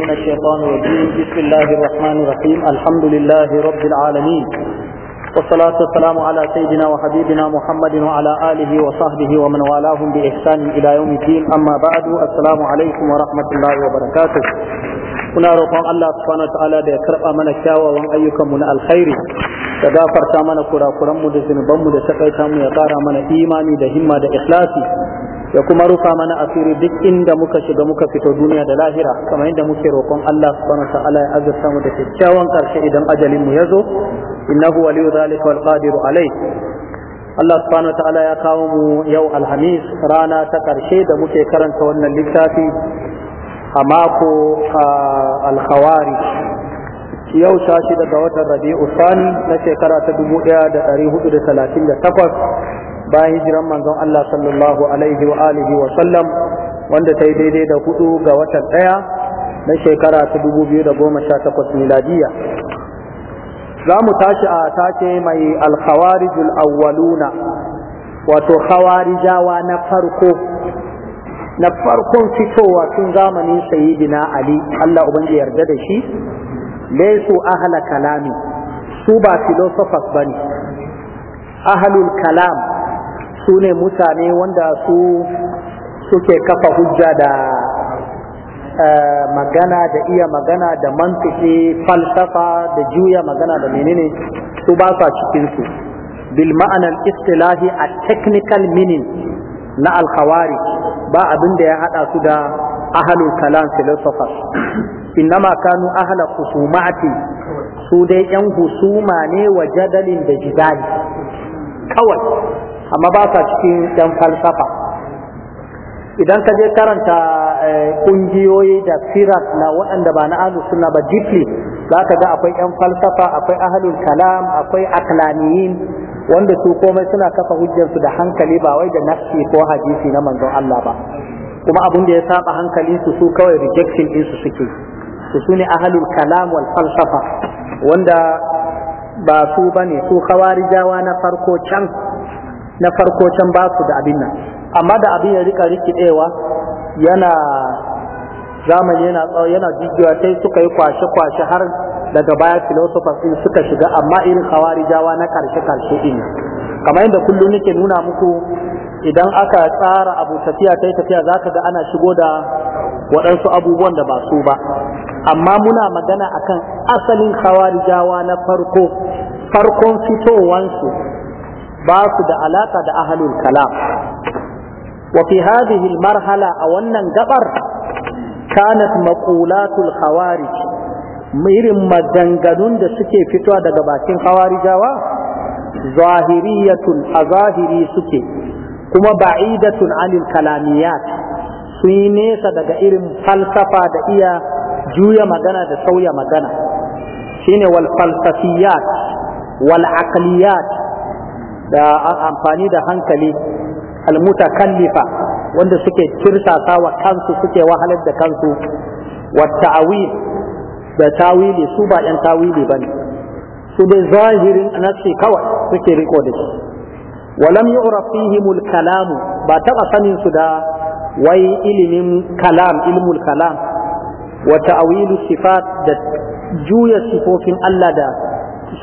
من الشيطان الرجيم بسم الله الرحمن الرحيم الحمد لله رب العالمين والصلاة والسلام على سيدنا وحبيبنا محمد وعلى آله وصحبه ومن والاهم بإحسان إلى يوم الدين أما بعد السلام عليكم ورحمة الله وبركاته muna roƙon Allah subhanahu wa ta'ala da ya karɓa mana kyawawan ayyukanmu na alkhairi da gafarta mana kurakuranmu da zunubanmu da takaita mu ya ƙara mana imani da himma da ikhlasi ya kuma rufa mana asiri duk inda muka shiga muka fito duniya da lahira kamar yadda muke roƙon Allah subhanahu wa ta'ala ya azurta mu da kyakkyawan karshe idan ajalin mu yazo innahu waliyyu zalika wal qadiru alayh Allah subhanahu wa ta'ala ya kawo mu yau alhamis rana ta karshe da muke karanta wannan littafi a mako alkhawari yau sha daga watan rabi'u na shekara ta dubu ɗaya da hudu da talatin da takwas bayan hijiran manzon Allah sallallahu alaihi wa alihi wa sallam wanda ta yi daidai da hudu ga watan ɗaya na shekara ta dubu biyu da goma sha takwas miladiya za mu tashi a take mai alkhawarijul awwaluna wato khawarijawa na farko na farkon fitowa tun zamanin sayyidina ali Allah ubangi yarda da shi laisu ahla kalami su ba philosophers bane ahlul kalam su ne mutane wanda su suke kafa hujja da eh, magana da iya magana da mantiki falsafa da juya magana da menene su ba sa cikinsu bil ma'anar istilahi a technical meaning na alkhawari ba abin da ya hada su da ahalul kalam philosophers innama kanu ahla khusumati su dai yan husuma ne wa jadalin da jidali kawai amma ba sa cikin yan falsafa idan ka je karanta eh, ƙungiyoyi da sirat na waɗanda ba na ahlus sunna ba deeply za ka ga akwai yan falsafa akwai ahlul kalam akwai aklaniyin wanda su komai suna kafa hujjarsu da hankali ba wai da nafsi ko hadisi na manzon Allah ba kuma abin da ya saba hankali su su kawai rejection din suke su sune ahlul kalam wal falsafa wanda ba su ne su khawarijawa na farko can na farko can ba su da abin nan amma da abin ya rika rikidewa yana zamani yana tsawo yana jijiyar sai suka yi kwashe-kwashe har daga baya philosophers din suka shiga amma irin hawarijawa na karshe-karshe din kamar yadda kullum nake nuna muku idan aka tsara abu tafiya ta tafiya za ka ga ana shigo da waɗansu abubuwan da ba su ba amma muna magana akan asalin hawarijawa na farko farkon fitowansu ba su da alaka da ahalul kalam wa fi hadhihi almarhala a wannan gabar kanat maqulatul khawarij irin maganganun da suke fitowa daga bakin khawarijawa zahiriyatun a zahiri suke kuma ba'idatun anil kalamiyat sun yi nesa daga irin falsafa da iya juya magana da sauya magana shine wal falsafiyat wal aqliyat da amfani da hankali almutakallifa wanda suke kirsasa wa kansu suke wahalar da kansu wa ta'awil da tawili su ba yan tawili ne, su dai zahirin nafsi kawai suke riko da shi walam yi fihim kalamu ba taɓa sanin su da wai ilimin kalam ilmul kalam wa ta'awilu sifat da juya sifofin Allah da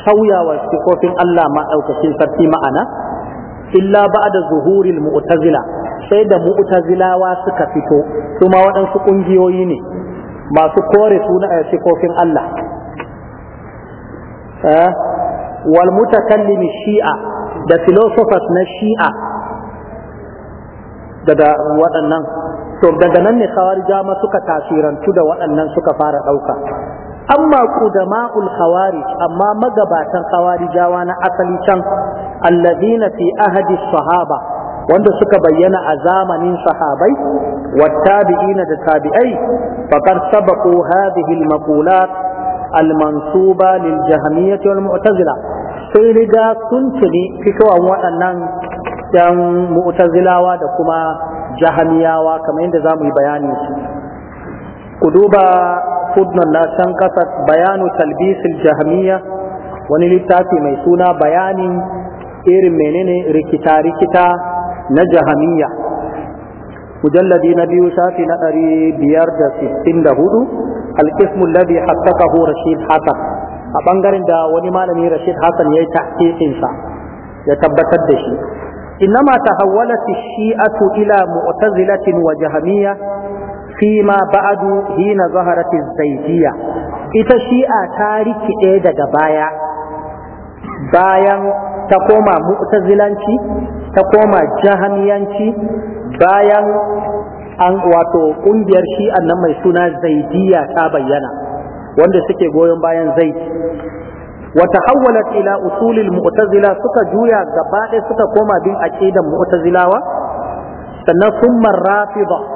sauyawa sifofin Allah maɗaukacin sarki ma'ana illa da zuhurin mu'tazila sai da mu'tazilawa suka fito su ma waɗansu ƙungiyoyi ne masu kore suna a eh, Allah eh, wal mutakallimi shi'a da filosofas na shi'a daga waɗannan to daga nan ne kawar jama suka tasirantu da waɗannan suka fara ɗauka amma qudama'ul khawarij amma magabatan khawarijawa na asali can alladhina fi ahadi sahaba wanda suka bayyana a zamanin sahabai wattabi'ina da tabi'ai faqad sabaqu hadhihi al-maqulat al-mansuba lil jahmiyyah wal mu'tazila sun riga sun tuni fitowan waɗannan yan mu'tazilawa da kuma jahamiyawa kamar yadda za mu yi bayani su ku duba na la tanqasat bayanu talbisil jahmiya wani littafi mai suna bayanin irin menene rikita rikita na jahamiya mujalladi na biyu shafi na ɗari biyar da sittin da hudu alkismun labi hassakahu rashid hassan a ɓangaren da wani malami rashid hassan ya yi tahqiqinsa ya tabbatar da shi innama tahawwalat shi'atu ila mu'tazilatin wa jahamiyya فيما ba'adu hina ظهرت zaidiya ita shi'a ta rikide daga baya bayan ta koma mu'tazilanci ta koma jahamiyanci bayan an wato kungiyar shi'a nan mai suna zaidiya ta bayyana wanda suke goyon bayan zaid wata hawwalat ila usulil mu'tazila suka juya gaba suka koma bin aqidan mu'tazilawa sannan summa rafida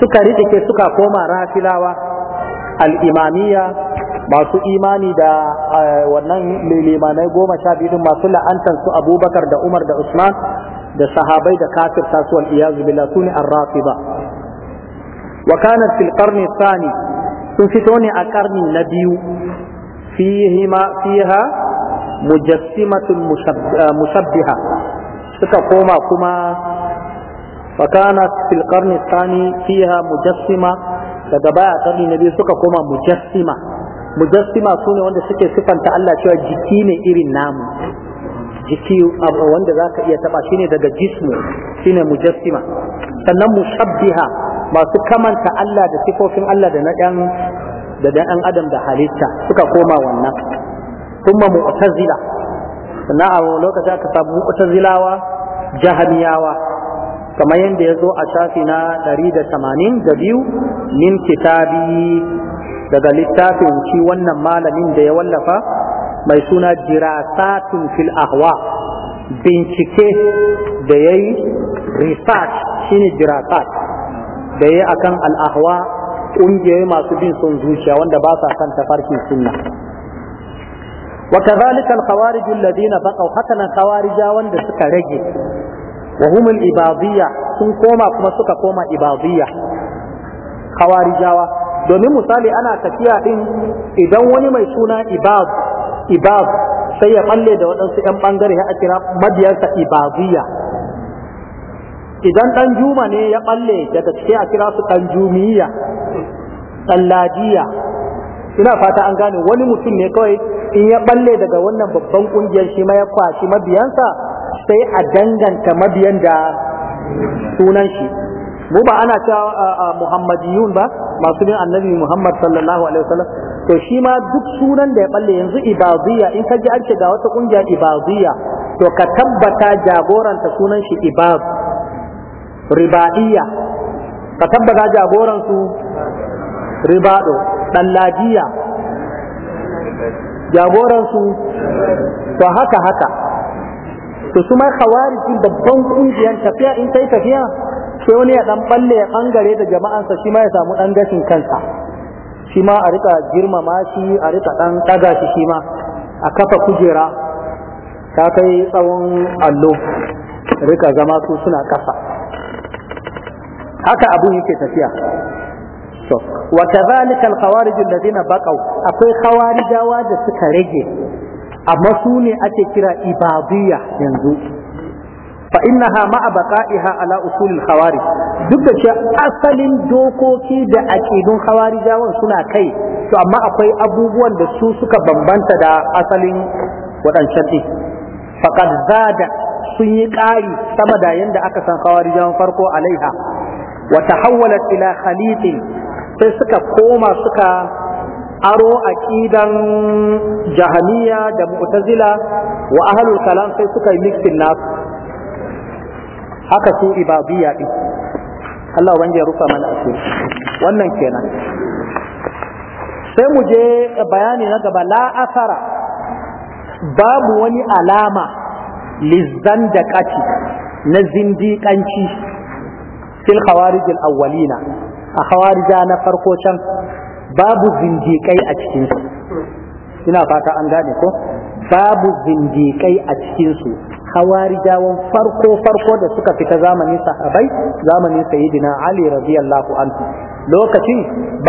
suka riƙe suka koma rafilawa al'imamiya masu imani da eh, wannan limanai goma sha biyu masu la'antar su abubakar da umar da usman da sahabai da kafir tasuwal iyazu billah su ne arrafida wa kanat fil qarni Sani sun fito ne a karni na biyu fihima fiha mujassimatu eh, mushabbiha suka koma kuma fakana fil qarni tsani fiha mujassima daga baya karni na biyu suka koma mujassima mujassima su ne wanda suke sifanta Allah cewa jiki ne irin namu jiki wanda za iya taba shine daga jismu shine mujassima sannan mushabbiha masu kamanta Allah da sifofin Allah da ɗan adam da halitta suka koma wannan kuma mu'tazila sannan a lokacin aka jahamiyawa kamar yadda ya zo a shafi na 182 min kitabi daga littafin shi wannan malamin da ya wallafa mai suna jirasatun fil ahwa bincike da ya yi research shine jirasat da ya yi akan al'ahwa ƙungiyoyi masu bin son zuciya wanda ba sa kan tafarkin sunna وكذلك الخوارج الذين بقوا حتى الخوارج wanda suka rage. wa humul ibadiyya sun koma kuma suka koma ibadiyya khawarijawa domin misali ana tafiya din idan wani mai suna ibad ibad sai ya balle da waɗansu ɗan ɓangare ya kira madiyarsa ibadiyya idan ɗan juma ne ya balle daga cike a kira su ɗan jumiyya dan ina fata an gane wani mutum ne kawai in ya balle daga wannan babban kungiyar shi ma ya kwashi mabiyansa sai a danganta mabiyan da sunan shi mu ba ana cewa muhammadiyun ba masu bin annabi muhammad sallallahu alaihi wasallam to shi ma duk sunan da ya balle yanzu ibadiyya in ka ji an ce ga wata kungiya ibadiyya to ka tabbata jagoranta sunan shi ibad ribadiyya ka tabbata jagoran su ribado dalladiya jagoran su to haka haka to su ma khawarij babban kungiyar tafiya in sai tafiya sai wani ya dan balle ya bangare da jama'ansa shi ma ya samu dan gashin kansa shi ma a rika girmama shi a rika dan daga shi shi ma a kafa kujera ta kai tsawon allo rika zama su suna kasa haka abun yake tafiya wa kadhalika al-khawarij alladhina baqaw akwai khawarijawa da suka rage amma su ne ake kira ibadiyya yanzu fa innaha ma'a baqa'iha ala usulil khawarij duk da cewa asalin dokoki da aqidun khawarijawan suna kai to amma akwai abubuwan da su suka bambanta da asalin waɗancan din faqad zada sun yi ƙari sama da yanda aka san khawarijawan farko alaiha wa tahawwalat ila khaliqin sai suka koma suka aro aqidan jahaniya da mu'tazila wa ahlul kalam sai suka yi mixin nasu haka su ibadiyya din Allah wanda ya rufa mana asiri wannan kenan sai mu je bayani na gaba la asara babu wani alama lizan da kaci na zindiƙanci fil khawarij al-awwalina a khawarija na farko can babu zindiƙai a cikinsu ina fata an gane ko babu zindiƙai a cikinsu hawarijawan farko farko da suka fita zamanin sahabai zamanin sayyidina ali radiyallahu anhu lokacin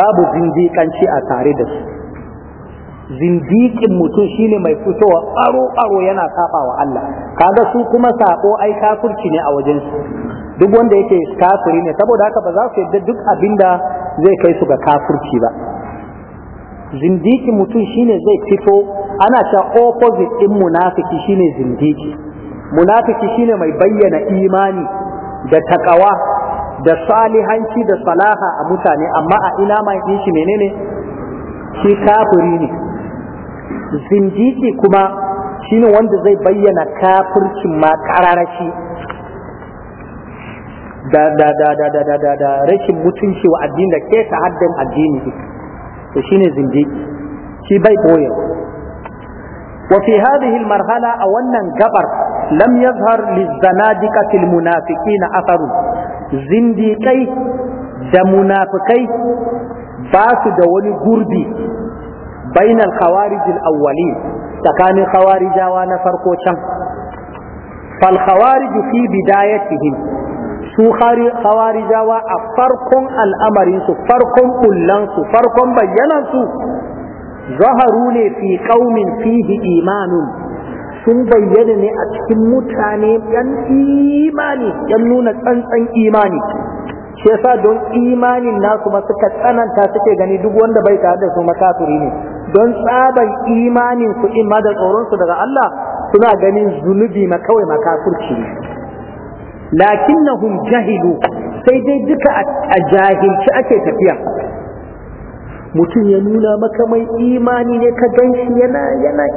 babu zinjikanci a tare da su zindiƙin mutum shine mai fitowa aro aro yana saba wa Allah kaga su kuma sako ai kafirci ne a wajen su duk wanda yake kafiri ne saboda haka ba za su yadda duk abinda zai kai su ga kafirci ba zindiki mutum shine zai fito ana ta opposite din munafiki shine zindiki munafiki shine mai bayyana imani da takawa da salihanci da salaha a mutane amma a ina mai din shi menene shi kafiri ne zindiki kuma shine wanda zai bayyana kafircin ma kararashi da da da da da da rashin mutunci wa addini da ke ta haddin addini to shine shi bai boye wa fi hadhihi marhala a wannan gabar lam yazhar lizanadika fil munafiqina atharu zindikai da munafikai basu da wani gurbi bainal khawarijil awwalin tsakanin khawarijawa na farko can fal khawarij fi bidayatihim su hawarijawa a farkon al'amarinsu farkon kullansu farkon bayyanansu zaharu ne fi ƙaumin fihi imanun sun bayyana ne a cikin mutane yan imani yan nuna tsantsan imani shi yasa don imanin nasu ba suka tsananta suke gani duk wanda bai tare da su makafiri ne don tsaban imanin su in ma da tsoron su daga Allah suna ganin zunubi ma kawai makafirci ne lakinnahum jahilu sai dai duka a jahilci ake tafiya mutum ya nuna maka mai imani ne ka gan shi yana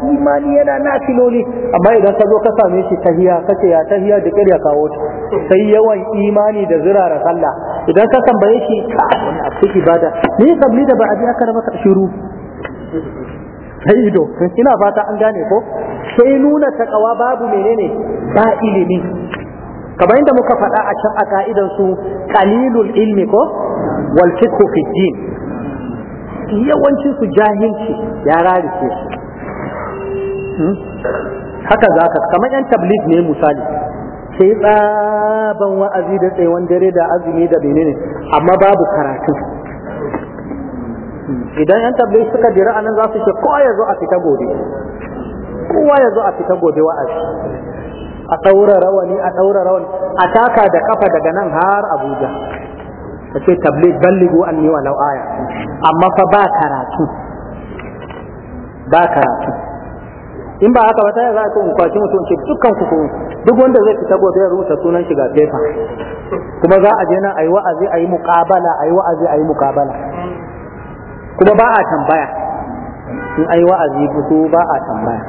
imani yana filoli. amma idan ka zo ka same shi tahiya kace ya tahiya da kirya kawo ta sai yawan imani da zirara sallah idan ka tambaye shi ka wani abu ibada ni kabli da a aka raba ka shiru sai ido ina fata an gane ko sai nuna takawa babu menene ba ilimi kamar yadda muka faɗa a can a ka'idan su qalilul ilmi ko wal fiqhu fi din yawancin su jahilci ya rarike su hmm? haka zaka kamar yan tabligh ne misali sai tsaban wa'azi da tsayawan dare da azumi da menene amma babu karatu idan yan tabligh suka jira anan za su ce ko ya zo a fita gobe kowa ya zo a fita gobe wa'azi a ɗaura rawani a ɗaura rawani a taka da kafa daga nan har abuja ta ce tablet balligo an yi walau aya amma fa ba karatu ba karatu in ba haka wata za a in kwaci mutum ce dukkan ku duk wanda zai fita gobe ya rubuta sunan shiga fefa kuma za a je nan a yi wa'azi a yi muƙabala a yi wa'azi a yi muƙabala kuma ba a tambaya in a yi wa'azi ba a tambaya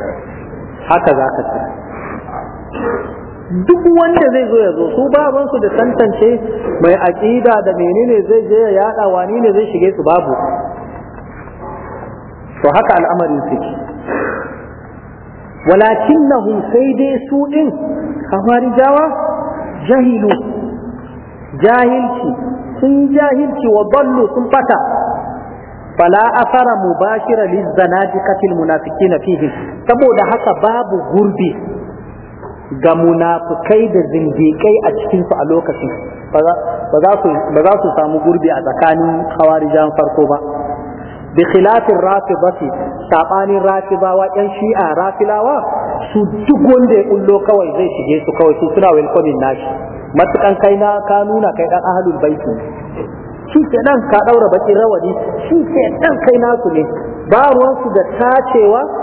haka za ka tsaya duk wanda zai zo ya zo su baban su da tantance mai aqida da menene zai je ya yada wani ne zai shige su babu to haka al'amarin suke walakinnahum sai dai su din jawa jahilu jahilci sun jahilci wa ballu sun fata fala afara mubashira lizzanadiqatil munafiqina fihi saboda haka babu gurbi ga munafukai da zindiƙai a cikinsu a lokacin ba za su samu gurbi a tsakanin jan farko ba bi khilafin rafi ba rafibawa yan shi'a rafilawa su duk wanda ya ƙullo kawai zai shige su kawai su suna welcoming nashi matukan kai na ka nuna kai ɗan ahlul baiti shi ke nan ka ɗaura baki rawani shi ke ɗan kai nasu ne ba ruwansu da tacewa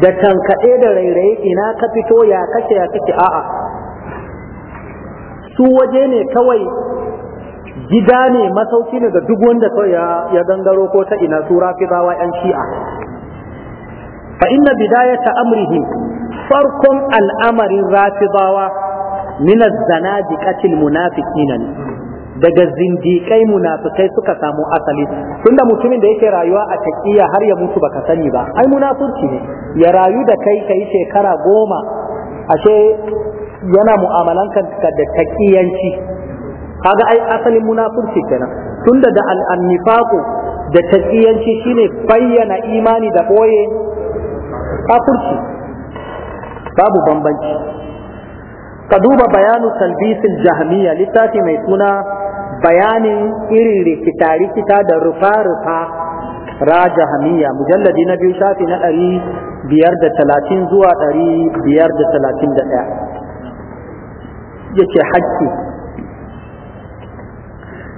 da tankaɗe da rairaye ina ka fito ya kace ya kake a'a su waje ne kawai gida ne masauki ne ga duk wanda kawai ya gangaro ko ta ina su rafizawa yan shi'a fa inna bidayata amrihi farkon al'amarin rafizawa min az-zanadiqatil munafiqina ne daga zindikai munafikai suka samu asali tunda mutumin da yake rayuwa a taqiya har ya mutu baka sani ba ai munafiki ne ya rayu da kai kai shekara goma ashe yana mu'amalanka da taqiyanci kaga ai asalin munafurci kenan tunda da al-nifaqu da taqiyanci shine bayyana imani da boye kafirci babu bambanci ka duba bayanin talbisin jahmiya littafi mai suna bayanin irin rikita-rikita da rufa-rufa ra jahmiya mujalladi na biyu shafi na ɗari biyar da talatin zuwa ɗari biyar da talatin da ɗaya yake hakki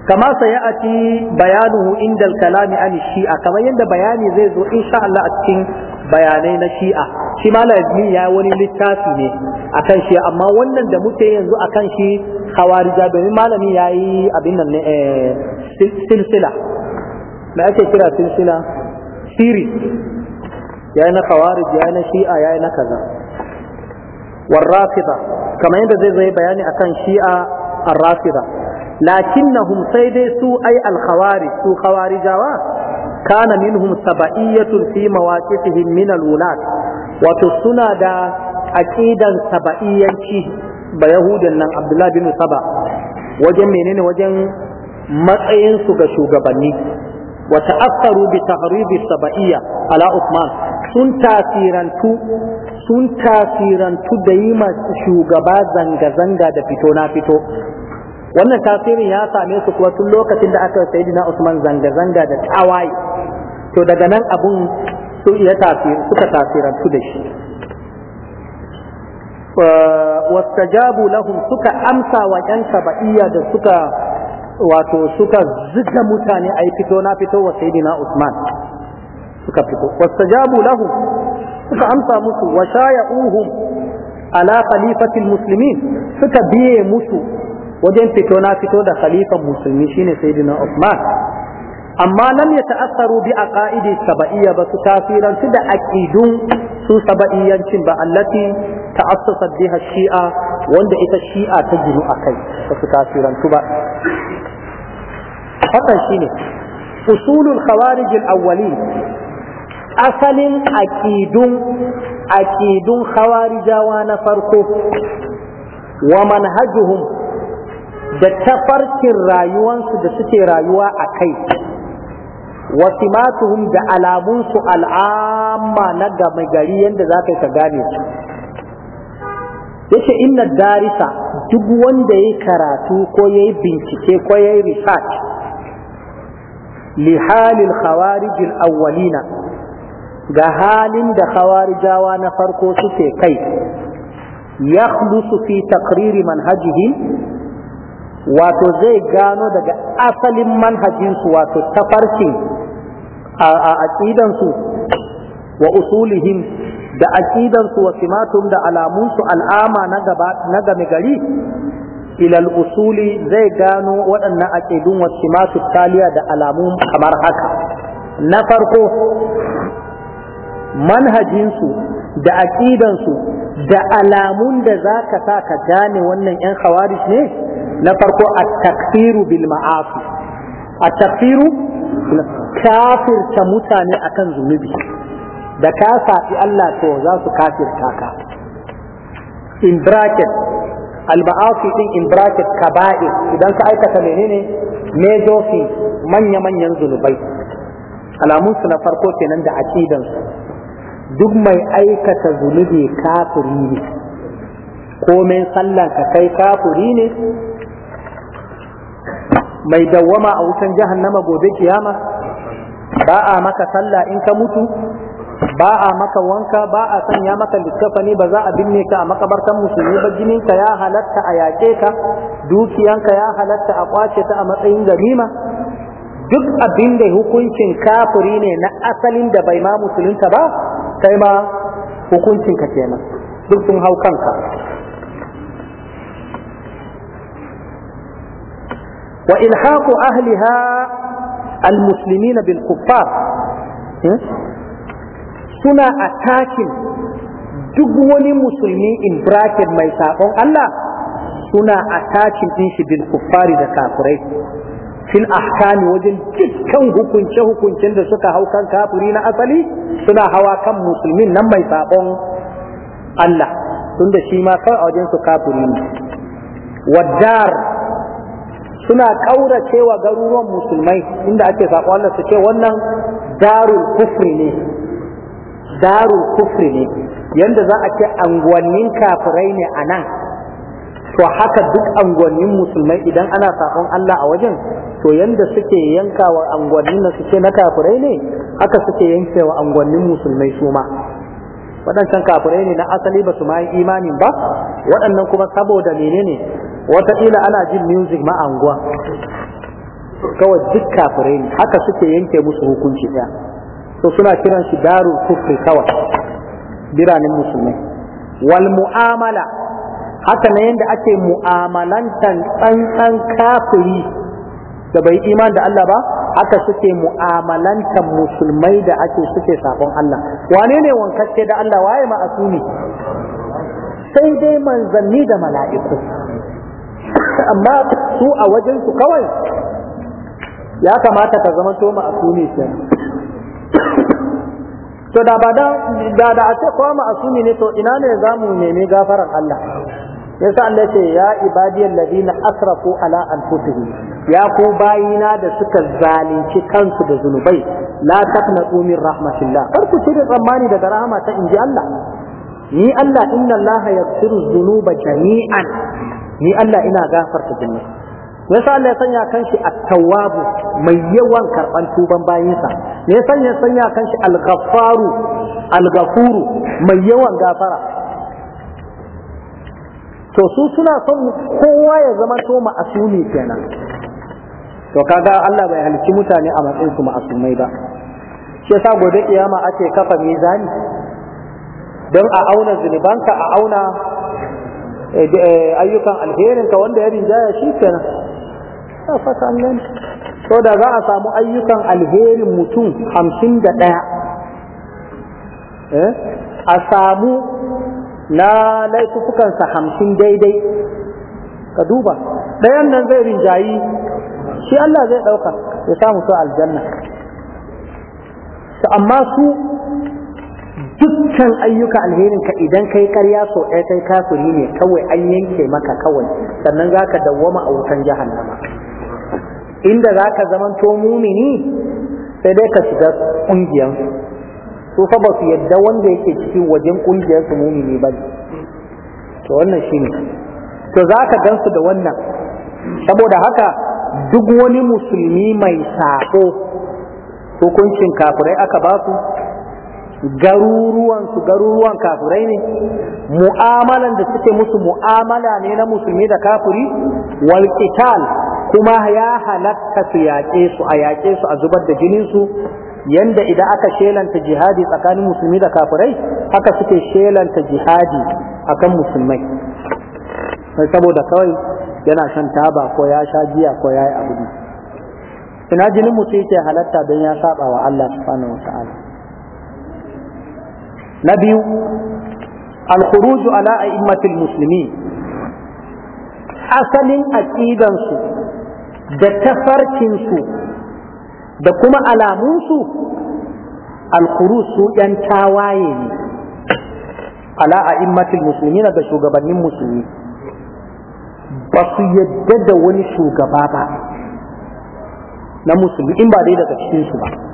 kama sayati bayanuhu inda kalami an shi'a kamar yadda bayani zai zo insha Allah a cikin bayanai na shi'a shi ma lazmi ya wani littafi ne akan shi amma wannan da muke yanzu akan shi hawariza domin malami ya yi abin nan ne eh, silsila me ake kira silsila siri ya yi na hawarij ya yi na shi'a ya yi na kaza warrafida kamar yadda zai zai bayani akan shi'a arrafida lakinnahum sai dai su ai alkhawari su khawarijawa kana minhum saba'iyatun fi mawaqifihim min al-wulat suna da aqidan saba'iyyanci ba yahudan nan abdullahi bin saba wajen menene wajen matsayin su ga shugabanni wa ta'assaru bi tahribi saba'iyya ala usman sun tasirantu sun da yi ma shugaba zanga-zanga da fito na fito wannan tasirin ya same su kuwa tun lokacin da aka sayyidina Usman zanga-zanga da tawaye to daga nan abun su iya tasir suka tasirar tasirantu da shi wastajabu lahum suka amsa wa ƴan saba'iyya da suka wato suka ziga mutane a yi fito na fito wa sayyidina Usman suka fito wastajabu lahum suka amsa musu wa shaya'uhum ala khalifatil muslimin suka biye musu wajen fito na fito da khalifan musulmi shine sayyidina Uthman amma lam yata'assaru bi aqaidi sab'iyya ba su tafiran su da aqidun su sab'iyyancin ba allati ta'assasat biha shi'a wanda ita shi'a ta ginu akai ba su tafiran su ba hakan shine usulul khawarij al asalin aqidun aqidun khawarijawa na farko wa manhajuhum da tafarkin rayuwansu da suke rayuwa a kai wasu da alamunsu al'amma na gama gari yadda za ka ka gane su yake inna darisa duk wanda ya karatu ko ya yi bincike ko ya yi research lihalin khawarijin awwalina ga halin da khawarijawa na farko suke kai ya fi takriri manhajihim wato zai gano daga asalin manhajinsu wato tafarkin a aƙidansu wa usulihim da aƙidansu wa simatun da alamunsu al'ama na game gari ilal usuli zai gano waɗannan aƙidun wa simatu taliya da alamun kamar haka na farko manhajinsu da aƙidansu da alamun da za ka sa ka gane wannan 'yan khawarij ne na farko a takfiru bil ma'asi a takfiru kafirta mutane akan zunubi da ka safi Allah to za su kafirta ka in bracket al-ma'asi din in bracket kaba'ir idan ka aikata menene major manya-manyan zunubai alamun su na farko kenan da su duk mai aikata zunubi kafiri ne komai sallan ka kai kafuri ne mai dawwama a wutan jahannama gobe kiyama ba a maka sallah in ka mutu ba a maka wanka ba a sanya maka littafani ba za a binne ka a makabartan musulmi ba jininka ya halatta a yaƙe ka dukiyanka ya halatta a kwace ta a matsayin ganima duk abin da hukuncin kafiri ne na asalin da bai ma musulunta ba kai ma hukuncin ka kenan duk sun hau kanka wa ilhaqu ahliha almuslimina bil kuffar hmm? suna takin duk wani musulmi in bracket mai sakon Allah suna a din shi bil kuffari da kafirai fil ahkami wajen dukkan hukunce hukuncen da suka hau kan kafuri na asali suna hawa kan musulmin nan mai sabon Allah tunda shi ma kai a wajen su kafiri ne wadar suna ƙauracewa garuruwan musulmai inda ake saƙo Allah su ce wannan darul kufri ne darul kufri ne yanda za a ce anguwannin kafirai ne a nan to haka duk anguwannin musulmai idan ana saƙon Allah a wajen to yanda suke yankawa anguwannin na suke na kafirai ne haka suke yankewa anguwannin musulmai su ma waɗancan kafirai ne na asali ba su ma imanin ba waɗannan kuma saboda menene Wata wataƙila ana jin music ma anguwa kawai duk kafirai ne haka suke yanke musu hukunci ɗaya so suna kiran shi daru kufri kawai biranen musulmai wal mu'amala haka na yadda ake mu'amalantan tsantsan kafiri da bai iman da Allah ba haka suke mu'amalantan musulmai da ake suke sabon Allah wane ne wankacce da Allah waye ma asuni sai dai manzanni da mala'iku amma su a wajen su kawai ya kamata ka zama to ma'asumi kenan to da ba da da a ce kowa ma'asumi ne to ina ne za mu nemi gafarar Allah yasa Allah ce ya ibadiyal ladina asrafu ala anfusihim ya ku bayina da suka zalunci kansu da zunubai la taqnatu min rahmatillah kar ku cire tsammani daga rahama ta inji Allah ni Allah inna Allah yaghfiru dhunuba jami'an ni Allah ina gafarta jinni me yasa Allah ya sanya kanshi at-tawwabu mai yawan karban tuban bayinsa me yasa ya sanya kanshi al-ghaffaru al-ghafuru mai yawan gafara to su suna son kowa ya zama to ma'asumi kenan to kaga Allah bai halicci mutane a matsayin su ma'asumai ba shi yasa gobe kiyama ake kafa mizani don a auna zunubanka a auna Eh, eh, ayyukan alherin ka wanda ya rinjaya shi kenan ya fata nan to da za a samu ayyukan alherin mutum hamsin da ɗaya eh, a samu na laifukansa hamsin daidai ka duba ɗayan nan zai rinjayi shi Allah zai ɗauka ya samu su aljanna amma su dukkan ayyuka alherin ka idan kai ƙarya so ɗaya kai kafiri ne kawai an yanke maka kawai sannan za ka dawwama a wutan jahannama inda za zaka zamanto mumini sai dai ka shiga ƙungiyar su fa ba su yadda wanda yake cikin wajen ƙungiyar su mumini ba to wannan shine to za zaka gansu da wannan saboda haka duk wani musulmi mai sako hukuncin kafirai aka ba su garuruwan su garuruwan kafurai ne mu'amalan da suke musu mu'amala ne na musulmi da kafuri wal qital kuma ya halatta su yaƙe su a yaƙe su a zubar da jininsu su yanda idan aka shelanta jihadi tsakanin musulmi da kafirai haka suke shelanta jihadi akan musulmai saboda kawai yana shan taba ko ya sha giya ko ya yi abu ina jinin mutum yake halatta don ya saba wa Allah subhanahu wa ta'ala na biyu alkhuruju ala a'immatil muslimin asalin aqidansu da tafarkinsu da kuma alamunsu alkhuruj su yan tawaye ne ala a'immatil muslimin da shugabannin musulmi ba su yadda da wani shugaba ba na musulmi in ba dai daga cikinsu ba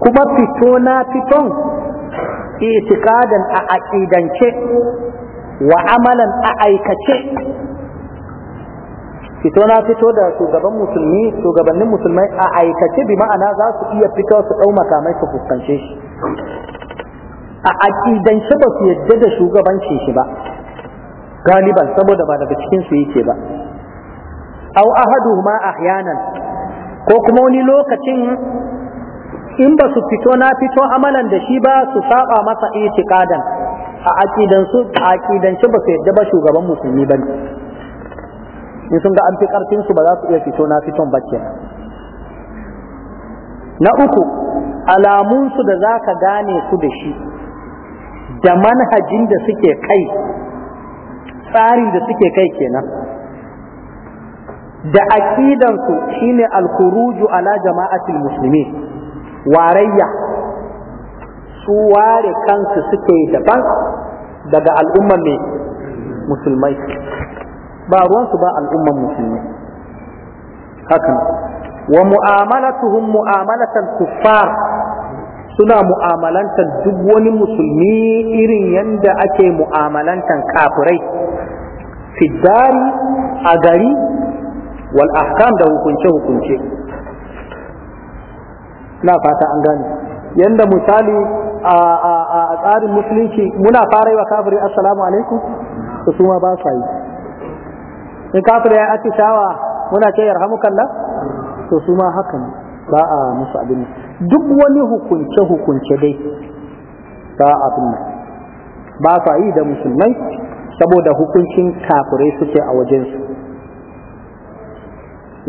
kuma fito na fiton itikadan a aƙidance wa amalan a aikace fito na fito da shugaban musulmi shugabannin musulmai a aikace bi ma'ana za su iya fito su ɗau makamai su fuskance shi a aƙidance ba su yadda da shugabanci shi ba galiban saboda ba daga cikin su yake ba au ahadu ma ahyanan ko kuma wani lokacin in ba su fito na fito amalan da shi ba su saba masa itikadan a aqidan su a aqidan ba su yadda ba shugaban musulmi bane in sun ga an fi karfin su ba za su iya fito na fiton ba na uku alamun su da zaka gane su da shi da manhajin da suke kai tsarin da suke kai kenan da akidansu shine al-khuruju ala jama'atil muslimin warayya su ware kansu suke daban daga al'ummar mai musulmai ba ruwansu ba al'ummar musulmai hakan wa mu'amalatuhum mu'amalatan kuffar suna mu'amalantar duk wani musulmi irin yadda ake mu'amalantar kafirai fiddari a gari wal ahkam da hukunce-hukunce na fata an gane yanda misali a tsarin musulunci muna fara yi wa kafiri assalamu alaikum su suma ba sa yi in kafiri ya ake shawa muna ce yarhamukallah to suma haka ne ba a musu abin duk wani hukunce hukunce dai ba abin nan ba sa yi da musulmai saboda hukuncin kafirai suke a wajensu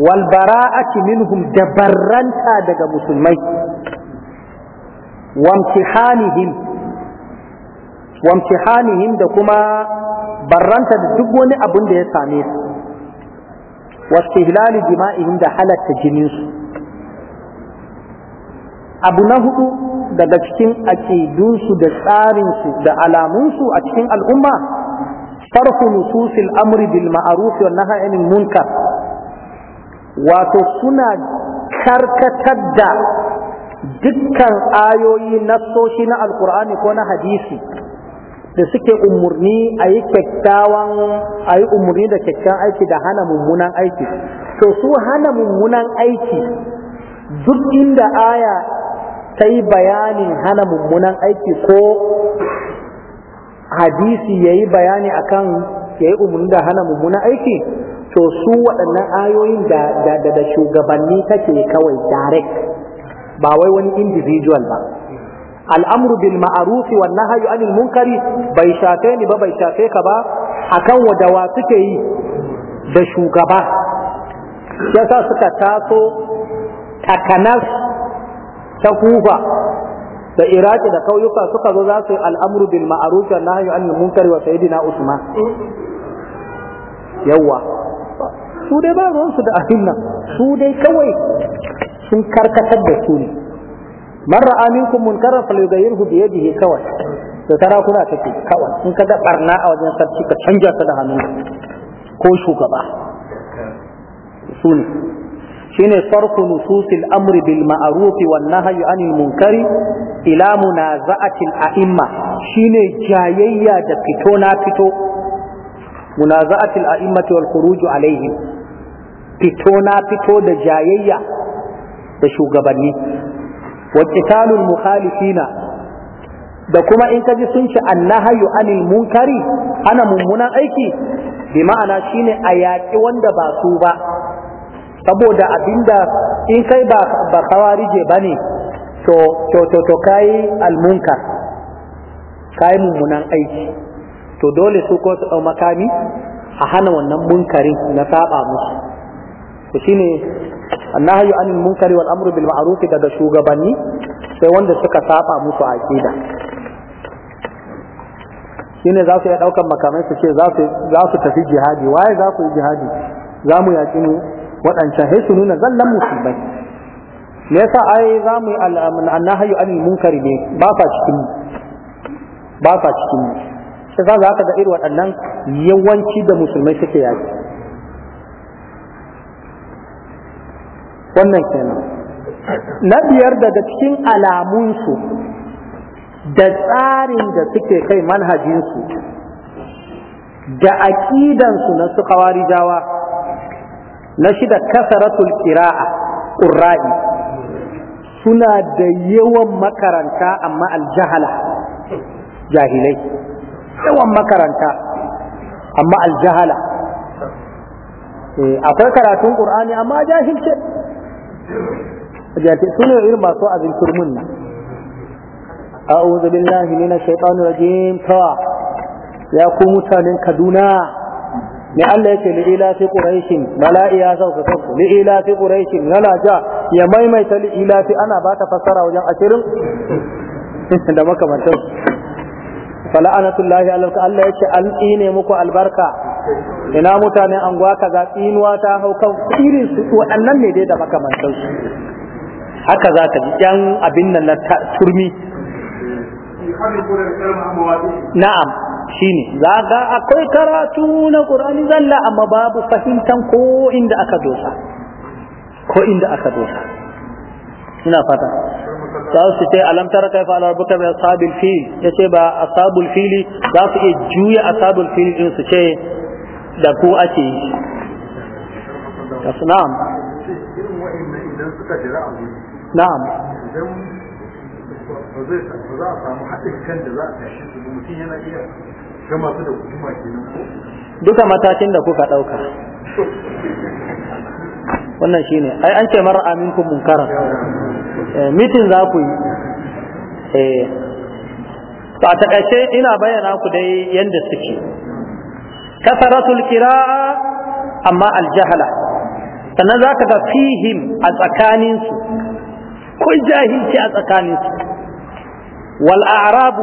wal bara'ati minhum da barranta daga musulmai wamtihanihim wamtihanihim da kuma barranta da duk wani abun da ya same su wastihlali jima'ihim da halatta jininsu abu na huɗu daga cikin aƙidunsu da tsarinsu da alamunsu a cikin al'umma sarfu nususil amri bil ma'ruf wa nahyi anil munkar wato suna karkatar da dukkan ayoyi na soshi na alkur'ani ko na hadisi da suke umarni a yi kyakkyawan a yi umarni da kyakkyawan aiki da hana mummunan aiki to su hana mummunan aiki duk inda aya ta yi bayanin hana mummunan aiki ko hadisi ya yi bayani akan ya yi umarni da hana mummuna aiki to su waɗannan ayoyin da da shugabanni take kawai direct ba wai wani individual ba al'amru bil ma'ruf wa nahyu anil munkari bai shafe ni ba bai shafe ka ba akan wadawa suke yi da shugaba yasa suka taso takanas ta kufa da iraki da kauyuka suka zo za su yi al'amuru bil ma'ruf wa nahyu anil munkari wa sayyidina usman yawa su dai ba ruwan su da ahinna su dai kawai sun karkatar da su ne man ra'a minkum munkaran falyughayyirhu bi yadihi kawai da tara kuna take kawai in ka ga barna a wajen sarki ka canja ta da hannu ko shugaba su ne shine farko nususil amri bil ma'ruf wan nahyi anil munkari ila munaza'atil a'imma shine jayayya da fito na fito munaza'atil a'immati wal khuruj alaihim fito na fito da jayayya da shugabanni wa qitalul mukhalifina da kuma in kaji sun ci annahayu anil munkari ana mummunan aiki bi ma'ana shine a yaƙi wanda ba su ba saboda abinda in kai ba ba kawarije bane to to to to kai almunkar kai mummunan aiki to dole su ko su makami a hana wannan munkarin na saba musu to shine annahyu anil munkari wal amru bil ma'ruf daga shugabanni sai wanda suka saba musu aqida shine za su iya daukan makamai su ce za su tafi jihadi waye za ku yi jihadi za mu yaki mu waɗancan sai su nuna zallan musulmai me yasa ai za mu yi annahayu anil munkari ne ba sa cikin ba sa cikin shi za ka ga irin waɗannan yawanci da musulmai suke yaki wannan kenan na biyar daga cikin alamunsu da tsarin da suke kai manhajinsu da aƙidansu na su kawari jawa na shida kasaratul kira'a qurra'i suna da yawan makaranta amma aljahala jahilai yawan makaranta amma aljahala eh, akwai karatun qur'ani amma jahilce jahilce sune irin masu abin turmun nan a'udhu billahi minash shaitanir rajim tawa ya ku mutanen kaduna ne Allah yake li ila fi quraishin bala'i ya sauka kanku li ila fi quraishin yana ja ya maimaita li ila fi ana ba ta fassara wajen ashirin da makamantar fala'anatullahi alaka Allah yake an tsine muku albarka ina mutane anguwa kaza tsinuwa ta hau kan irin su waɗannan ne dai da makamantar haka za ka ji yan abin nan na turmi na'am shine za ga akwai karatu na qur'ani zalla amma babu fahimtan ko inda aka dosa ko inda aka dosa ina fata za su ce alam tara kai fa rabbuka bi ashabil fil yace ba ashabul fili za su iya juya ashabul fili din su ce da ku ake yi na'am na'am ba za samu haɗin kan da za a tashi su mutum yana iya duka matakin da kuka dauka wannan shine ai an ce mara aminkum munkara eh, mitin za ku yi eh to a takaice ina bayyana ku dai yanda suke kasaratul qira'a amma aljahala sannan za ka ga fihim a tsakaninsu ko jahilci a tsakaninsu wal a'rabu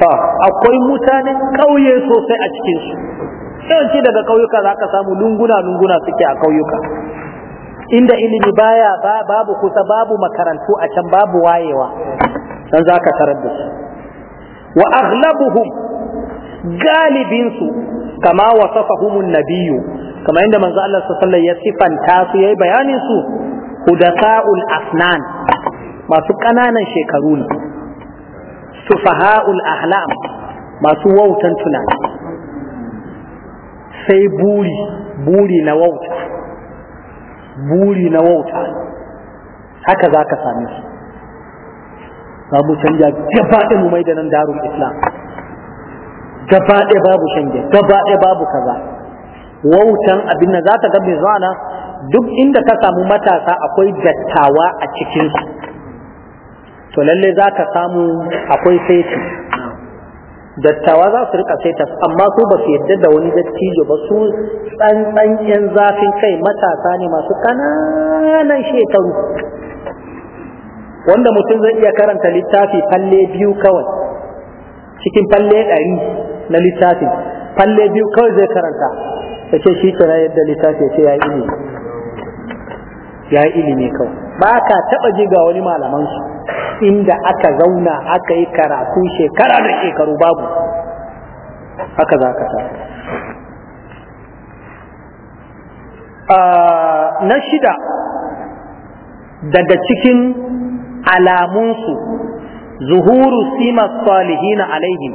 to akwai mutanen ƙauye sosai a cikin su yawanci daga ƙauyuka za ka samu lunguna lunguna suke a ƙauyuka inda ilimi baya babu kusa babu makarantu a can babu wayewa dan za ka tarar da su wa aghlabuhum galibinsu kama wasafahumun nabiyyu kama inda manzo Allah sallallahu alaihi wasallam ya sifanta su yayi bayanin su hudasa'ul asnan masu ƙananan shekaru ne sufaha'ul ahlam masu wautan tunani sai buri buri na wauta buri na wauta haka za ka same su babu canja gabaɗe mu mai da nan darul islam gabaɗe babu canja gabaɗe babu kaza wautan abin nan za ta ga mai duk inda ka samu matasa akwai dattawa a cikinsu to lalle za ka samu akwai saiti dattawa za su rika saita amma su ba su yadda da wani dattijo ba su tsantsan yan zafin kai matasa ne masu kananan shekaru wanda mutum zai iya karanta littafi falle biyu kawai cikin falle ɗari na littafi falle biyu kawai zai karanta ya ce shi kira yadda littafi ya ce ya ilimi ya yi ilimi kawai ba ka taɓa ji ga wani malamansu inda aka zauna aka yi karatu shekara da shekaru babu haka za ka ah, na shida daga cikin alamunsu zuhuru sima salihina alaihim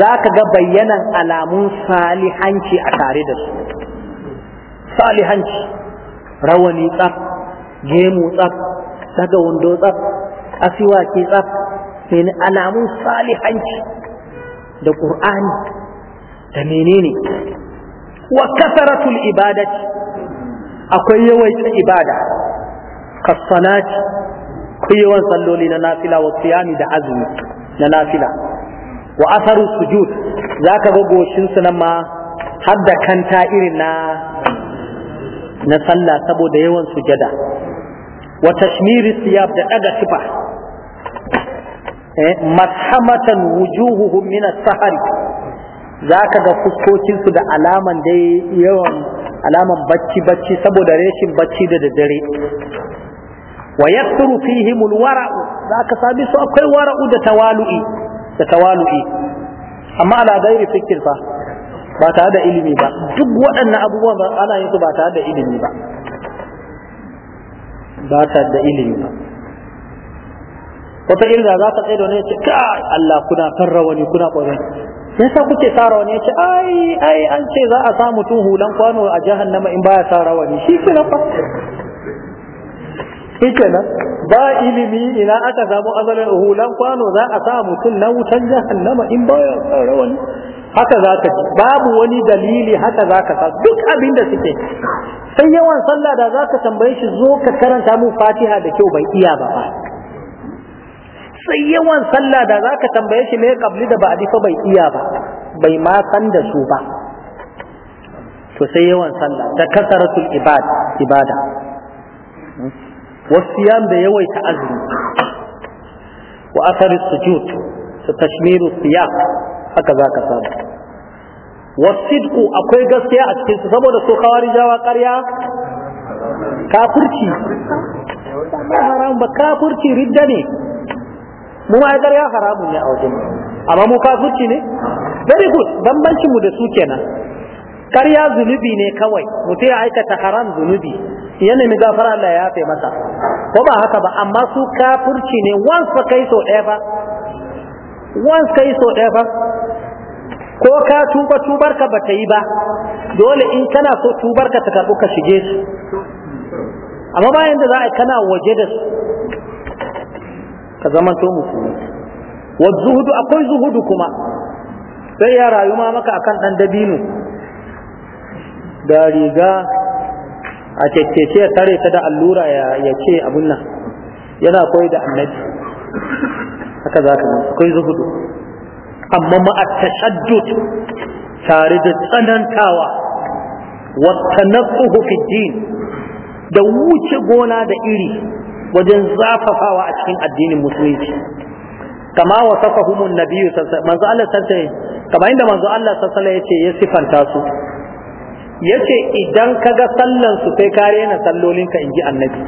za ka ga bayyanan alamun salihanci a tare da su salihanci rawani tsar. gemu tsaf daga wando tsaf ke tsaf ni alamun salihanci da qur'ani da menene wa kasaratul ibadati akwai yawaita ibada kasalati ko salloli na nafila wa qiyami da azumi na nafila wa asaru sujud zaka ga goshin su nan ma har da kanta irin na na sallah saboda yawan sujada wa tashmiri siyab da daga tufa eh, mashamatan wujuhuhum min as-sahari zaka ga fuskokinsu da alaman dai yawan alaman bacci bacci saboda reshin bacci da daddare wa yakthuru fihim al-wara'u zaka sami su akwai wara'u da tawalu'i da tawalu'i amma ba tare da ilimi ba duk waɗannan abubuwan ana yin su ba tare da ilimi ba ba ta da ilimi ba wata irga za ka tsaye da wani ya ce kai Allah kuna kan rawani kuna ƙwarai me yasa kuke sa rawani ya ce ai ai an ce za a sa mutum hulan kwano a jahannama in baya sa rawani shi kenan fa shi kenan ba ilimi ina aka samu azalin hulan kwano za a sa mutum na wutan jahannama in baya sa rawani haka za ka ji. babu wani dalili haka za ka sa duk abin da suke sai yawan sallah da za ka tambaye shi zo ka karanta mu fatiha da kyau bai iya ba ba sai yawan sallah da za ka tambaye shi mai kabli da ba'adi fa bai iya ba bai ma san da su ba to sai yawan sallah da kasaratul ibad ibada siyam da yawaita azumi wa athar sujud tashmiru siyam haka za ka samu wasidku akwai gaskiya a cikinsu saboda su kawari jawa ƙarya kafurci haram ba kafurci ridda ne mu ma ƙarya haramu ne a wajen amma mu kafurci ne very good bambancin mu da su kenan ƙarya zunubi ne kawai mutum ya aikata haram zunubi yana mai gafara Allah ya yafe masa ko ba haka ba amma su kafurci ne once ka kai so ɗaya ba once kai so ɗaya ba ko ka tuba tubarka ba ta yi ba dole in kana so tubarka ta karɓu ka shige su amma bayan da za a kana waje da su ka zama to musulmi wa zuhudu akwai zuhudu kuma sai ya rayu ma maka akan dan dabino da riga a cece tare ta da allura ya ce abun nan yana koyi da annabi haka za ka akwai zuhudu amma ma'a tashaddud tare da tsanantawa wa tanaffuhu fi din da wuce gona da iri wajen zafafawa a cikin addinin musulunci kama wa safahumun nabiyyu manzo Allah sallallahu kama inda manzo Allah sallallahu yace ya sifanta su yace idan kaga sallan su sai ka rena sallolinka inji annabi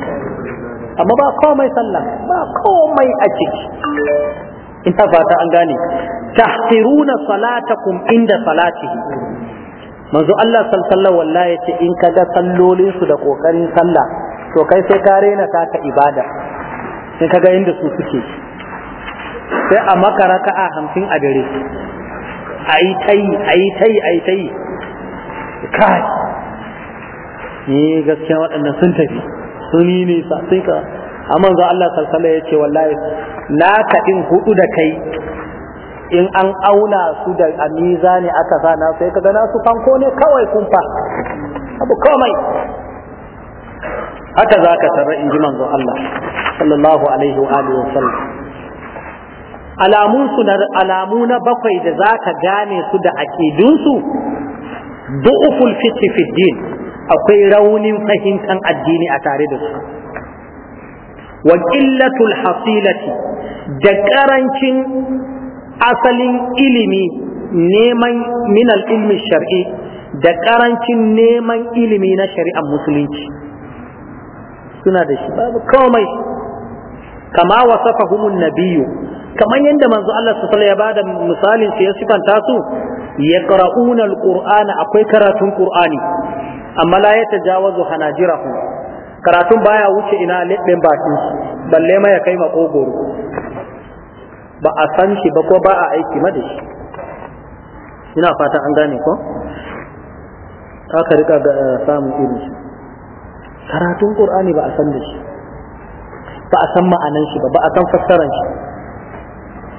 amma ba komai sallah ba komai a ciki ta fata an gane tahqiruna salatakum inda salatihi manzo Allah sallallahu wallahi yace in kaga sallolin su da kokarin sallah to kai sai ka rena taka ibada in kaga inda su suke sai a maka raka'a hamsin a dare ayi tai ayi tai ayi tai kai ni gaskiya waɗannan sun tafi sun yi sa sai ka amma manzo Allah sallallahu alaihi yace wallahi na din hudu da kai in an auna su da amiza ne aka sa na sai ka gana su fanko ne kawai kumfa abu komai haka za ka tarra in ji manzo Allah sallallahu alaihi wa alihi wa sallam alamun su na alamu na bakwai da za ka gane su da aqidun su du'uful fiqh fi din akwai raunin fahimtan addini a tare da su wa qillatul hasilati da karancin asalin ilimi neman minal ilmi shari'i da karancin neman ilimi na shari'ar musulunci suna da shi babu komai kama wasafahumun nabiyu kamar yadda manzo Allah sala ya bada misalin su ya sifanta su ya yaqra'una alqur'ana akwai karatun qur'ani amma la jira ku. karatun baya wuce ina leɓɓen bakin su balle ma ya kai makogoro ba a san shi ba ko ba a aiki ma da shi ina fata an gane ko aka rika ga eh, samun irin shi karatun qur'ani ba a san da shi ba a san ma'anan shi ba ba a san fassaran shi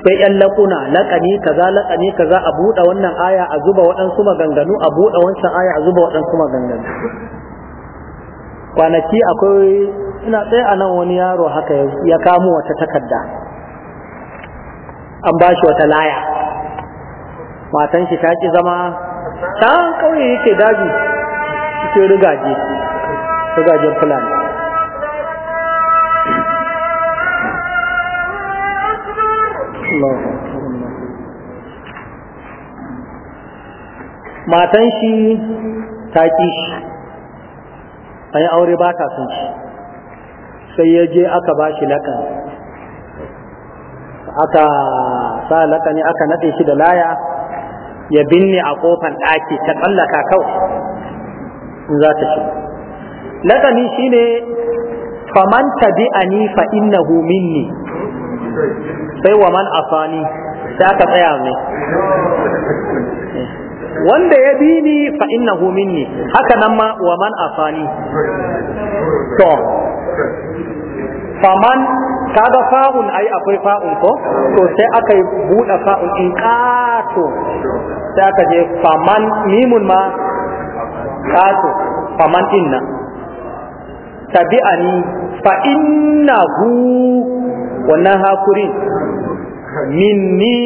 sai yan laƙuna laƙani kaza laƙani kaza a buɗe wannan aya a zuba waɗansu maganganu a buɗe wancan aya a zuba waɗansu maganganu kwanaki akwai ina tsaye a nan wani yaro haka ya kamo wata takarda an ba shi wata laya matan shi ta ki zama can kauye yake daji cikin rigaje rigajen fulani matan shi ta ki shi an aure ba ta sun shi sai ya je aka ba shi lakan aka sa laƙani aka naɗe shi da laya ya binne a ƙofan ɗaki ta tsallaka kawai in za ta shiga laƙani shi ne faman tabi ani fa innahu minni sai wa man asani sai aka tsaya ne wanda ya bi ni fa hu minni haka nan ma wa man asani to faman kaga fa'un ai akwai fa'un ko to sai aka yi buɗe fa'un in ƙato sai aka je faman mimun ma ƙato faman inna tabi'ani fa hu wannan min minni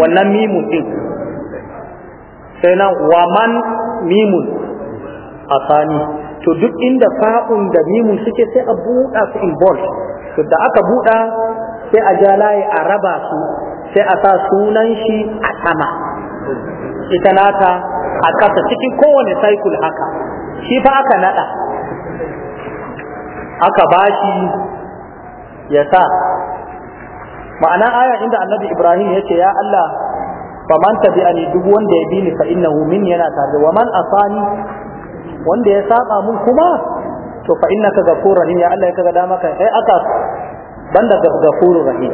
wannan mimun din sai nan waman mimun asani to duk inda fa'un da mimun suke sai a buɗa su in to da aka buɗa sai a ja layi a raba su sai a sa sunan shi a sama ita nata a ƙasa cikin kowane cycle haka shi fa aka naɗa aka bashi ya sa ma'ana aya inda annabi ibrahim ya ce ya allah faman tabi'ani duk wanda ya bi ni fa innahu min yana tare wa man asani wanda ya saba mun kuma to fa innaka ghafurur rahim ya Allah ya kaga dama kai aka banda ghafurur rahim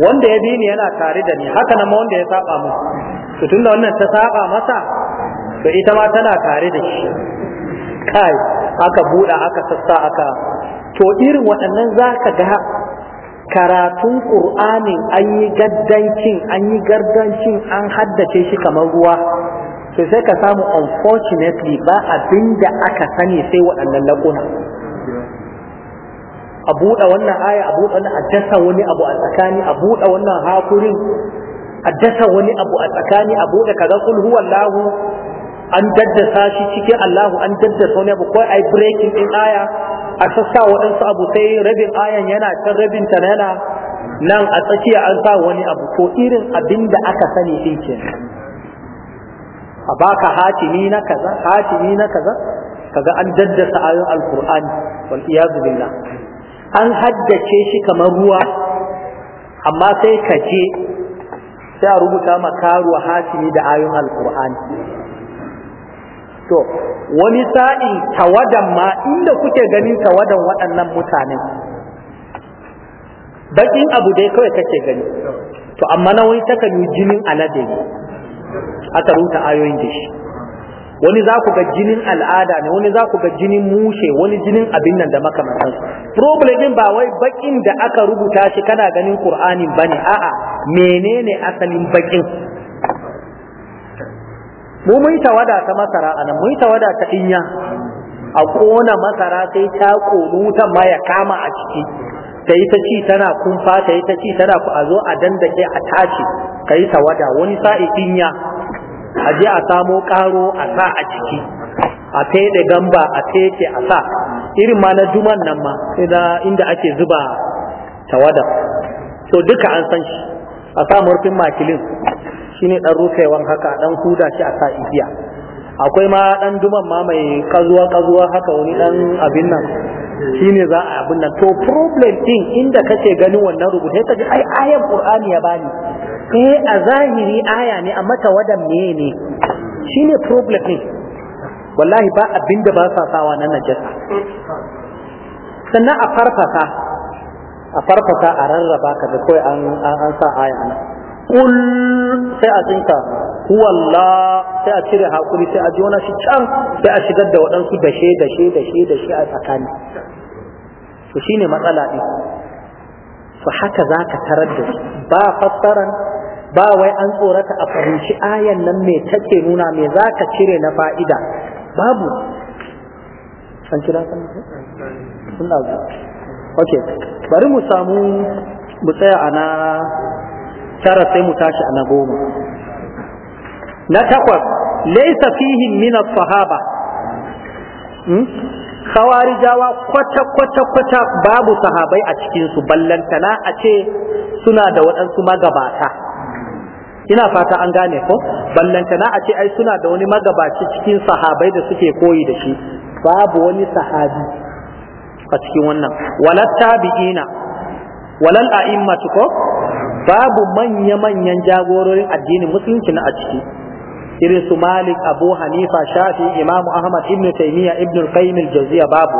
wanda ya bi yana tare da ni haka nan ma wanda ya saba mun to tunda wannan ta saba masa to ita ma tana tare da shi kai aka buɗa aka sassa aka to irin waɗannan za ka ga karatun ƙur'anin an yi gaddancin an yi gaddancin an haddace shi kamar ruwa sai sai ka samu unfortunately ba abin da aka sani sai waɗannan laƙuna a buɗe wannan aya a buɗe wannan a dasa wani abu a tsakani a buɗe wannan hakurin a dasa wani abu a tsakani a buɗe kaza kul huwa lahu an daddasa shi cikin Allahu an daddasa wani abu kawai ai breaking din aya a sassa waɗansu abu sai rabin ayan yana can rabin ta yana nan a tsakiya an sa wani abu ko irin abin da aka sani din kenan a baka hatimi na kaza hatimi na kaza kaga an daddasa ayoyin alqur'ani wal iyad billah an haddace shi kamar ruwa amma sai kaje, sai a rubuta maka ruwa hatimi da ayoyin alqur'ani to wani sa'in tawadan ma inda kuke ganin tawadan waɗannan mutanen bakin abu dai kawai kake gani to amma na wani takan jinin alade aka rubuta ayoyin da shi wani za ku ga jinin al'ada ne wani za ku ga jinin mushe wani jinin abin nan da makamantansu problem din ba wai bakin da aka rubuta shi kana ganin qur'anin bane a'a menene asalin bakin mu mun tawada ta masara anan mun tawada ta inya a kona masara sai ta konu ta ma kama a ciki ta yi ta ci tana kumfa ta yi ta ci tana ku. a zo a dandake a tashi ka yi tawada wani sa'i inya a je a samo karo a sa a ciki a feɗe gamba a fete a sa irin ma na duman nan ma inda ake zuba tawada to duka an san shi a sa murfin makilin shine dan rufewan haka dan huda shi a sa igiya akwai ma dan duman ma mai kazuwa kazuwa haka wani dan abin nan shine za a abin nan to problem din inda kake ganin wannan rubutu sai kaji ai ayan qur'ani ya bani eh a zahiri aya ne amma wadan me ne shine problem din wallahi ba abinda ba sa sawa nan najasa sannan a farfasa a farfasa a rarraba ka da kawai an sa aya nan kul sai a tsinka huwallah sai a cire hakuri sai a jona shi can sai a shigar da waɗansu dashe dashe dashe dashe a tsakani to shine matsala ɗin to haka za ka tarar da shi ba fassaran ba wai an tsorata a fahimci ayan nan me take nuna me za ka cire na fa'ida babu an kira kan sun bari mu samu mu tsaya ana tara sai mu tashi a na goma na takwas laisa fihin min sahaba hmm? khawarijawa kwata kwata kwata babu sahabai a cikin su ballantana a ce suna da waɗansu magabata ina fata an gane ko ballantana a ce ai suna da wani magabaci cikin sahabai da suke koyi da shi babu wani sahabi a cikin wannan walal tabi'ina walal a'immatu ko babu manya-manyan jagororin addinin musulunci na a ciki irin su malik abu hanifa shafi imamu ahmad ibn taymiya ibn qayyim al-jawziya babu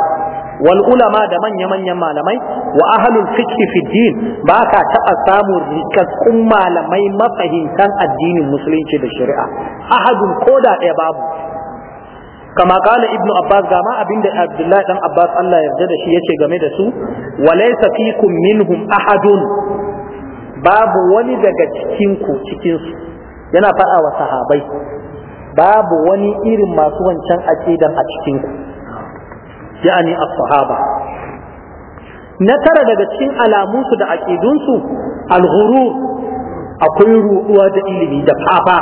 wal ulama da manya-manyan malamai wa ahlul fiqh fi din ba ka taɓa samun rikakkun malamai mafahimtan addinin musulunci da shari'a ahadun koda ɗaya babu kama kala ibnu abbas gama abinda abdullahi dan abbas Allah yarda da shi yace game da su walaysa fikum minhum ahadun babu wani daga cikinku cikinsu yana faɗa wa sahabai babu wani irin masu wancan aƙidan a cikinku ya'ani as-sahaba na tara daga cikin alamunsu da aƙidunsu alhuru akwai ruɗuwa da ilimi da faɓa,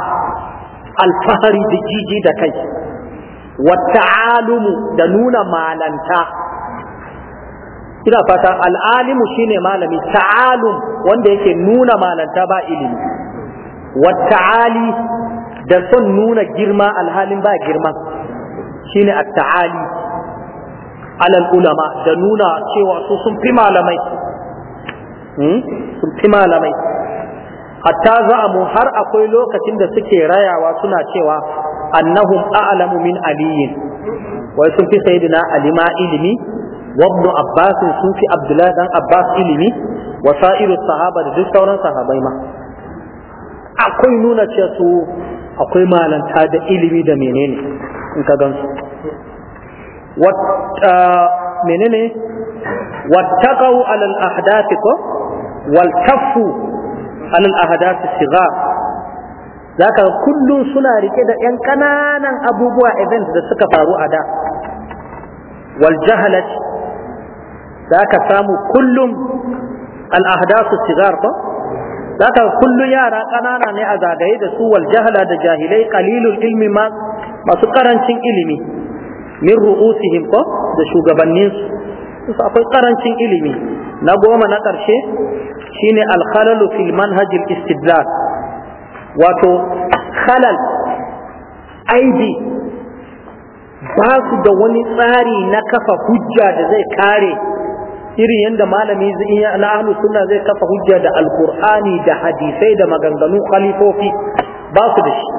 alfahari da jiji da kai wa ta'alumu da nuna malanta ina fata al'alimu shine malami ta'alum wanda yake nuna malanta ba ilimi wa ta'ali da son nuna girma alhalin ba girma shine at-ta'ali alal ulama da nuna cewa su sun fi malamai hmm? sun fi malamai hatta za mu har akwai lokacin da suke rayawa suna cewa annahum a'lamu min aliyin wai sun fi sayyidina alima ilimi وابن عباس سنفي عبد الله بن عباس إلمي وسائر الصحابة دي sauran sahabai ma. akwai nuna ce su akwai malanta da ilimi da menene in ka gansu wata menene wattaqau alal ahdathi ko waltaffu alal ahdathi sigar zaka kullum suna rike da yan kananan abubuwa events da suka faru a da wal za ka samu kullum al'ahdasu sigar ko za ka kullum yara ƙanana ne a zagaye da su wal jahala da jahilai qalilul ilmi ma masu ƙarancin ilimi min ru'usihim ko da shugabanninsu su akwai ƙarancin ilimi na goma na ƙarshe shine alkhalalu fil manhajil istidlal wato khalal aidi ba su da wani tsari na kafa hujja da zai kare irin yadda malami na ahlus sunna zai kafa hujja da alqur'ani da hadisai da maganganu khalifofi ba su da shi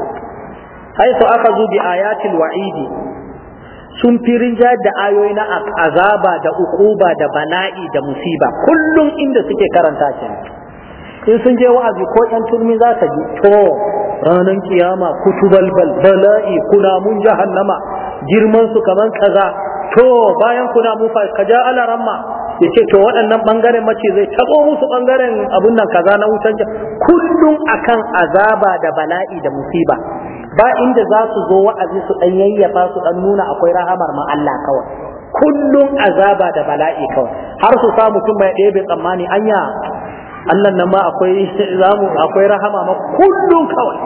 haisu aka zo bi ayatil wa'idi sun fi rinjayar da ayoyi na azaba da ukuba da bala'i da musiba kullum inda suke karanta ke in sun je wa'azi ko yan turmi za ta ji to ranar kiyama kutubal bala'i kunamun jahannama girman su kaman kaza to bayan kuna mufa kaja ala ramma ya ce to waɗannan ɓangaren mace zai taɓo musu ɓangaren abun nan kaza na wutan kullum akan azaba da bala'i da musiba ba inda za su zo wa'azi su ɗan yayyafa su ɗan nuna akwai rahamar ma Allah kawai kullum azaba da bala'i kawai har su sa mutum mai ɗebe tsammani anya Allah nan ma akwai zamu akwai rahama ma kullum kawai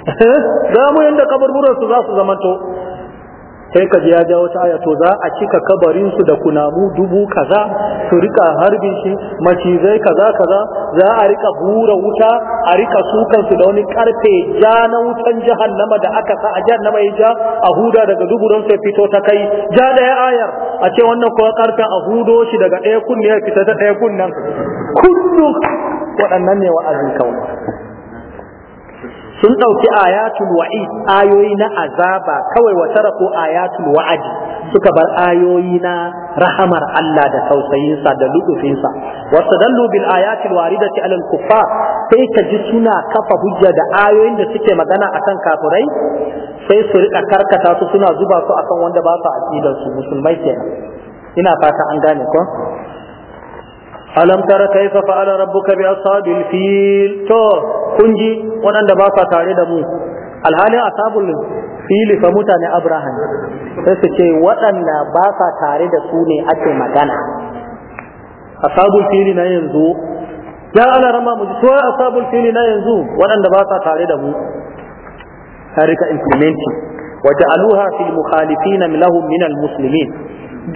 za mu yanda kaburburan za su zamanto sai ka ji ya ja wata aya to za a cika kabarin su da kunamu dubu kaza su rika harbin shi macizai kaza kaza za a rika bura wuta a rika sukan su da wani karfe ja na wutan nama da aka sa a jahannama ya ja a huda daga duburan sai fito ta kai ja ya ayar a ce wannan kuwa karfe a hudo shi daga ɗaya kunne ya fita ta ɗaya kunnen kullum waɗannan ne wa'azin kawai sun ɗauki ayatul wa'id ayoyi na azaba kawai wa taraku ayatul wa'adi suka bar ayoyi na rahamar Allah da tausayinsa da lutufinsa wasu dallu bil da waridati alal kuffa sai ka ji suna kafa hujja da ayoyin da suke magana akan kafirai sai su riƙa karkata su suna zuba su akan wanda ba su aqidar su musulmai kenan ina fata an gane ko alam tara kaifa fa'ala rabbuka bi ashabil fil kun ji waɗanda ba sa tare da mu alhalin asabul fili fa mutane abraham sai su ce waɗanda ba sa tare da su ne ake magana asabul fili na yanzu ya ana rama mu to asabul fili na yanzu waɗanda ba sa tare da mu harika implementing wa ja'aluha fil mukhalifina lahum min al muslimin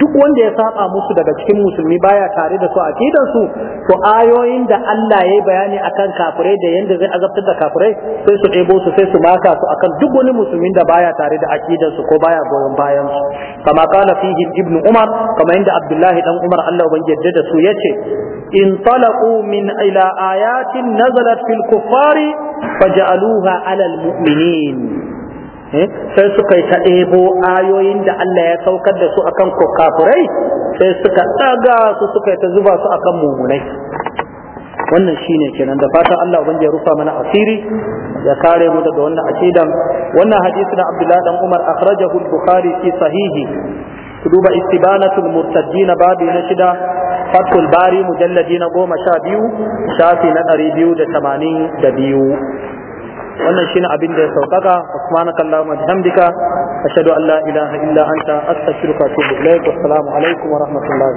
duk wanda ya saba musu daga cikin musulmi baya tare da su a su to ayoyin da Allah ya yi bayani akan kafirai da yanda zai azabtar da kafirai sai su ɗebo su sai su maka su akan duk wani musulmin da baya tare da akidar su ko baya goyon bayan su kama kana fihi ibnu umar kama inda abdullahi dan umar Allah ban da su yace in talaqu min ila ayatin nazalat fil kuffari faj'aluha ala al mu'minin Hmm? sai suka yi ta ɗebo ayoyin da Allah ya saukar da su akan kafurai sai suka ɗaga su suka yi ta zuba su akan mumunai wannan shine kenan da fatan Allah ban ya rufa mana asiri ya kare mu daga wannan akidan wannan hadisi na Abdullah dan Umar akhrajahu al-Bukhari fi sahihi duba istibanatul murtaddin babi na shida fatul bari mujalladi na goma sha biyu shafi na ɗari biyu da tamanin da biyu wannan shine abin da ya saukaka subhanaka allahumma bihamdika ashhadu an la ilaha illa anta astaghfiruka wa atubu ilaik wa assalamu alaikum wa rahmatullahi